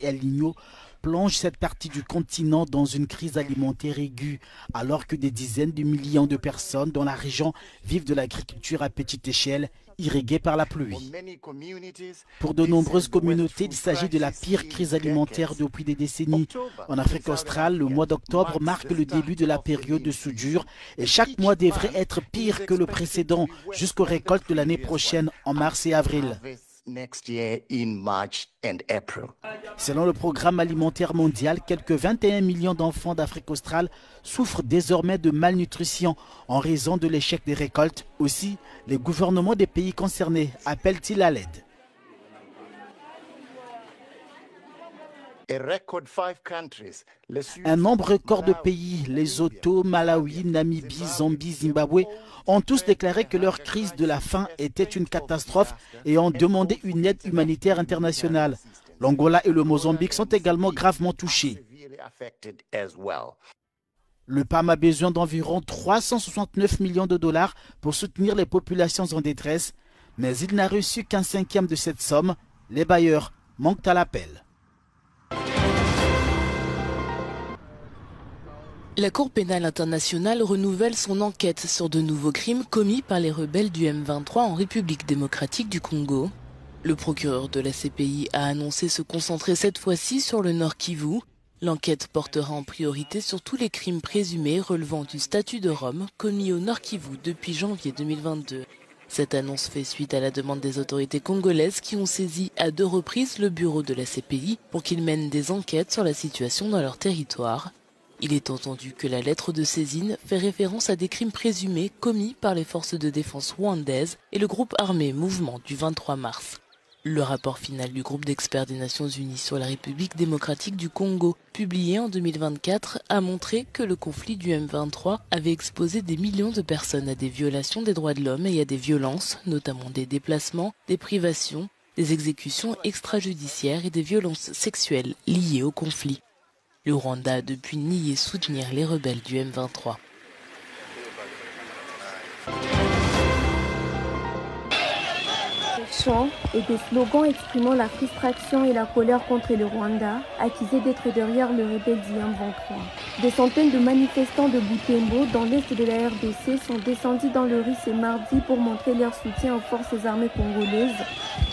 El Nino, plonge cette partie du continent dans une crise alimentaire aiguë, alors que des dizaines de millions de personnes dans la région vivent de l'agriculture à petite échelle, irriguée par la pluie. Pour de nombreuses communautés, il s'agit de la pire crise alimentaire depuis des décennies. En Afrique australe, le mois d'octobre marque le début de la période de soudure et chaque mois devrait être pire que le précédent jusqu'aux récoltes de l'année prochaine en mars et avril next year in March and Selon le programme alimentaire mondial, quelques 21 millions d'enfants d'Afrique australe souffrent désormais de malnutrition en raison de l'échec des récoltes. Aussi, les gouvernements des pays concernés appellent-ils à l'aide. Un nombre record de pays, les Lesotho, Malawi, Namibie, Zambie, Zimbabwe, ont tous déclaré que leur crise de la faim était une catastrophe et ont demandé une aide humanitaire internationale. L'Angola et le Mozambique sont également gravement touchés. Le PAM a besoin d'environ 369 millions de dollars pour soutenir les populations en détresse, mais il n'a reçu qu'un cinquième de cette somme. Les bailleurs manquent à l'appel. La Cour pénale internationale renouvelle son enquête sur de nouveaux crimes commis par les rebelles du M23 en République démocratique du Congo. Le procureur de la CPI a annoncé se concentrer cette fois-ci sur le Nord Kivu. L'enquête portera en priorité sur tous les crimes présumés relevant du statut de Rome commis au Nord Kivu depuis janvier 2022. Cette annonce fait suite à la demande des autorités congolaises qui ont saisi à deux reprises le bureau de la CPI pour qu'il mène des enquêtes sur la situation dans leur territoire. Il est entendu que la lettre de saisine fait référence à des crimes présumés commis par les forces de défense rwandaises et le groupe armé Mouvement du 23 mars. Le rapport final du groupe d'experts des Nations Unies sur la République démocratique du Congo, publié en 2024, a montré que le conflit du M23 avait exposé des millions de personnes à des violations des droits de l'homme et à des violences, notamment des déplacements, des privations, des exécutions extrajudiciaires et des violences sexuelles liées au conflit. Le Rwanda a depuis nié soutenir les rebelles du M23. chants et des slogans exprimant la frustration et la colère contre le Rwanda, accusé d'être derrière le rebelle dim Des centaines de manifestants de Butembo dans l'est de la RDC sont descendus dans le riz ce mardi pour montrer leur soutien aux forces armées congolaises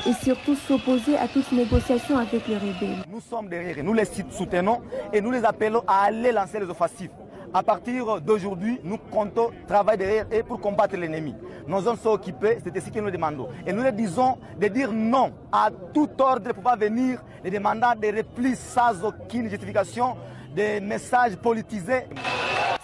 et surtout s'opposer à toute négociation avec les rebelles. Nous sommes derrière, nous les soutenons et nous les appelons à aller lancer les offensives. À partir d'aujourd'hui, nous comptons travailler derrière et pour combattre l'ennemi. Nos hommes sont occupés, c'était ce que nous demandons. Et nous leur disons de dire non à tout ordre pour pas venir les demandant des replis sans aucune justification, des messages politisés.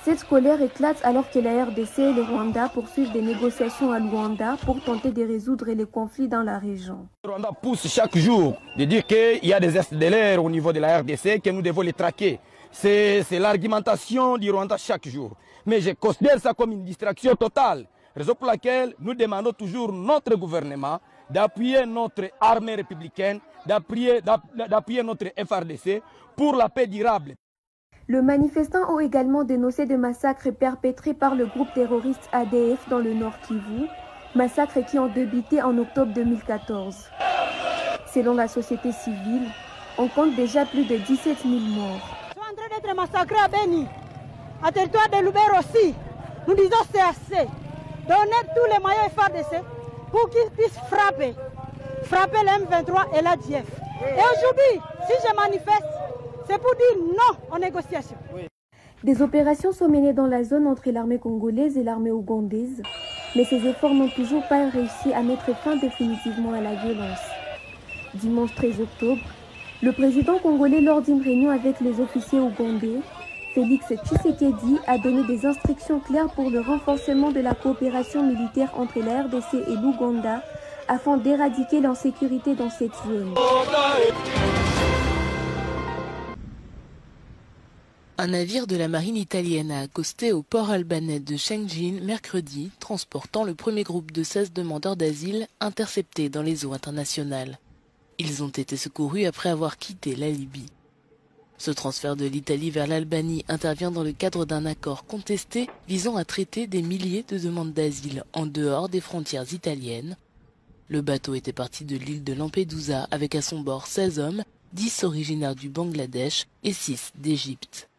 Cette colère éclate alors que la RDC et le Rwanda poursuivent des négociations à Luanda pour tenter de résoudre les conflits dans la région. Le Rwanda pousse chaque jour de dire qu'il y a des l'air au niveau de la RDC, que nous devons les traquer. C'est l'argumentation du Rwanda chaque jour. Mais je considère ça comme une distraction totale. Raison pour laquelle nous demandons toujours notre gouvernement d'appuyer notre armée républicaine, d'appuyer notre FRDC pour la paix durable. Le manifestant ont également dénoncé des massacres perpétrés par le groupe terroriste ADF dans le Nord Kivu, massacres qui ont débuté en octobre 2014. Selon la société civile, on compte déjà plus de 17 000 morts d'être massacré à Beni, à territoire de Loubert aussi. Nous disons c'est assez. Donner tous les moyens et FADC pour qu'ils puissent frapper, frapper lm 23 et la DF. Et aujourd'hui, si je manifeste, c'est pour dire non aux négociations. Des opérations sont menées dans la zone entre l'armée congolaise et l'armée ougandaise, mais ces efforts n'ont toujours pas réussi à mettre fin définitivement à la violence. Dimanche 13 octobre, le président congolais, lors d'une réunion avec les officiers ougandais, Félix Tshisekedi a donné des instructions claires pour le renforcement de la coopération militaire entre la RDC et l'Ouganda afin d'éradiquer l'insécurité dans cette zone. Un navire de la marine italienne a accosté au port albanais de Shenzhen mercredi, transportant le premier groupe de 16 demandeurs d'asile interceptés dans les eaux internationales. Ils ont été secourus après avoir quitté la Libye. Ce transfert de l'Italie vers l'Albanie intervient dans le cadre d'un accord contesté visant à traiter des milliers de demandes d'asile en dehors des frontières italiennes. Le bateau était parti de l'île de Lampedusa avec à son bord 16 hommes, 10 originaires du Bangladesh et 6 d'Égypte.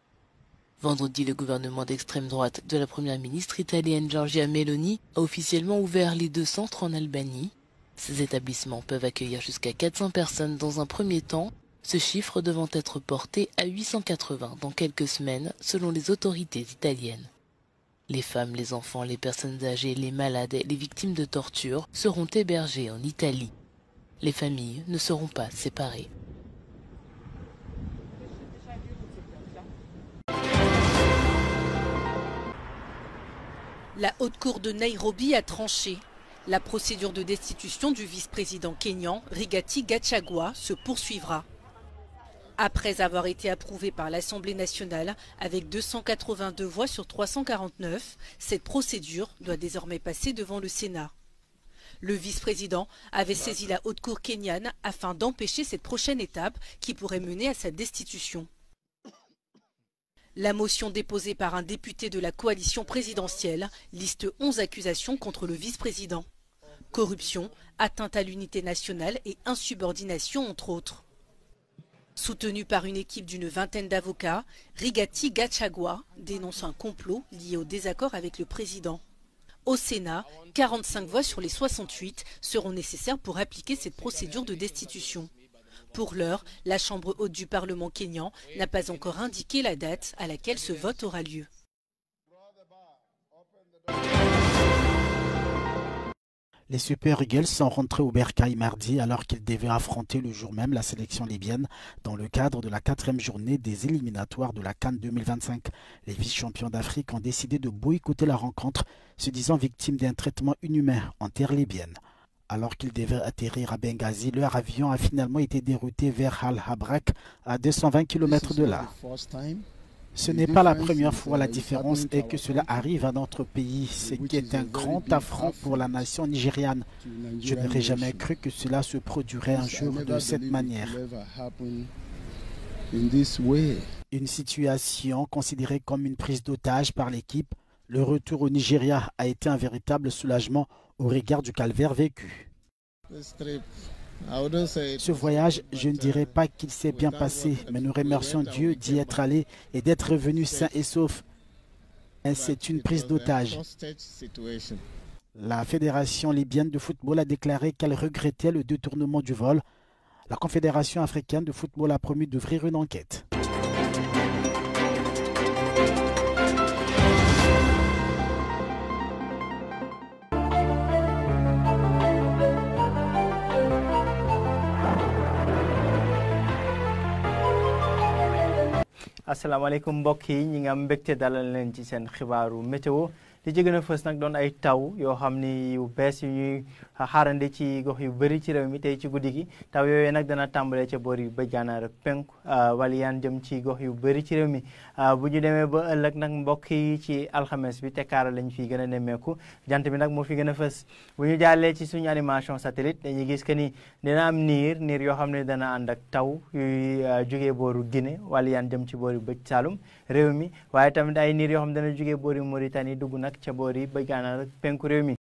Vendredi, le gouvernement d'extrême droite de la première ministre italienne Giorgia Meloni a officiellement ouvert les deux centres en Albanie. Ces établissements peuvent accueillir jusqu'à 400 personnes dans un premier temps, ce chiffre devant être porté à 880 dans quelques semaines selon les autorités italiennes. Les femmes, les enfants, les personnes âgées, les malades et les victimes de torture seront hébergées en Italie. Les familles ne seront pas séparées. La haute cour de Nairobi a tranché. La procédure de destitution du vice-président kényan Rigati Gachagua se poursuivra. Après avoir été approuvée par l'Assemblée nationale avec 282 voix sur 349, cette procédure doit désormais passer devant le Sénat. Le vice-président avait saisi la haute cour kényane afin d'empêcher cette prochaine étape qui pourrait mener à sa destitution. La motion déposée par un député de la coalition présidentielle liste 11 accusations contre le vice-président corruption, atteinte à l'unité nationale et insubordination entre autres. Soutenu par une équipe d'une vingtaine d'avocats, Rigati Gachagua dénonce un complot lié au désaccord avec le président. Au Sénat, 45 voix sur les 68 seront nécessaires pour appliquer cette procédure de destitution. Pour l'heure, la Chambre haute du Parlement kényan n'a pas encore indiqué la date à laquelle ce vote aura lieu. Les Super Eagles sont rentrés au Bercail mardi alors qu'ils devaient affronter le jour même la sélection libyenne dans le cadre de la quatrième journée des éliminatoires de la Cannes 2025. Les vice-champions d'Afrique ont décidé de boycotter la rencontre, se disant victimes d'un traitement inhumain en terre libyenne. Alors qu'ils devaient atterrir à Benghazi, leur avion a finalement été dérouté vers Al Habrak, à 220 km de là. Ce n'est pas la première fois. La différence est que cela arrive à notre pays, ce qui est un grand affront pour la nation nigériane. Je n'aurais jamais cru que cela se produirait un jour de cette manière. Une situation considérée comme une prise d'otage par l'équipe, le retour au Nigeria a été un véritable soulagement au regard du calvaire vécu. Ce voyage, je ne dirais pas qu'il s'est bien passé, mais nous remercions Dieu d'y être allé et d'être revenu sain et sauf. Hein, c'est une prise d'otage. La Fédération libyenne de football a déclaré qu'elle regrettait le détournement du vol. La Confédération africaine de football a promis d'ouvrir une enquête. asalaamaaleykum mbokk yi ñi nga am mbégte dalal leen ci seen xibaaru météo li ci gën a fës nag doon ay taw yoo xam ni yu bees yu ñuy xaarandi ci gox yu bëri ci réew mi tey ci guddi gi taw yooyu nag dana tàmbale ca boor yu bëj-gànnaar ak penku ah, waliyaan jëm ci gox yu bëri ci réew mi ah, bu ñu demee ba ëllëg nag mbokk yi ci alxames bi tekkaara lañ fi gën a nemmeeku jant bi nag moo fi gën a fës bu ñu jaalee ci suñu animation satellite dañuy gis que ni dina am niir niir yoo xam ne dana ànd ak taw yuy ah, jugee booru wal yan jëm ci boor yu bëj Saalum réew mi waaye tamit ay niir yoo xam ne dana jógee boori Mauritanie dugg nag ca boori bëj Gànnaar ak penku réew mi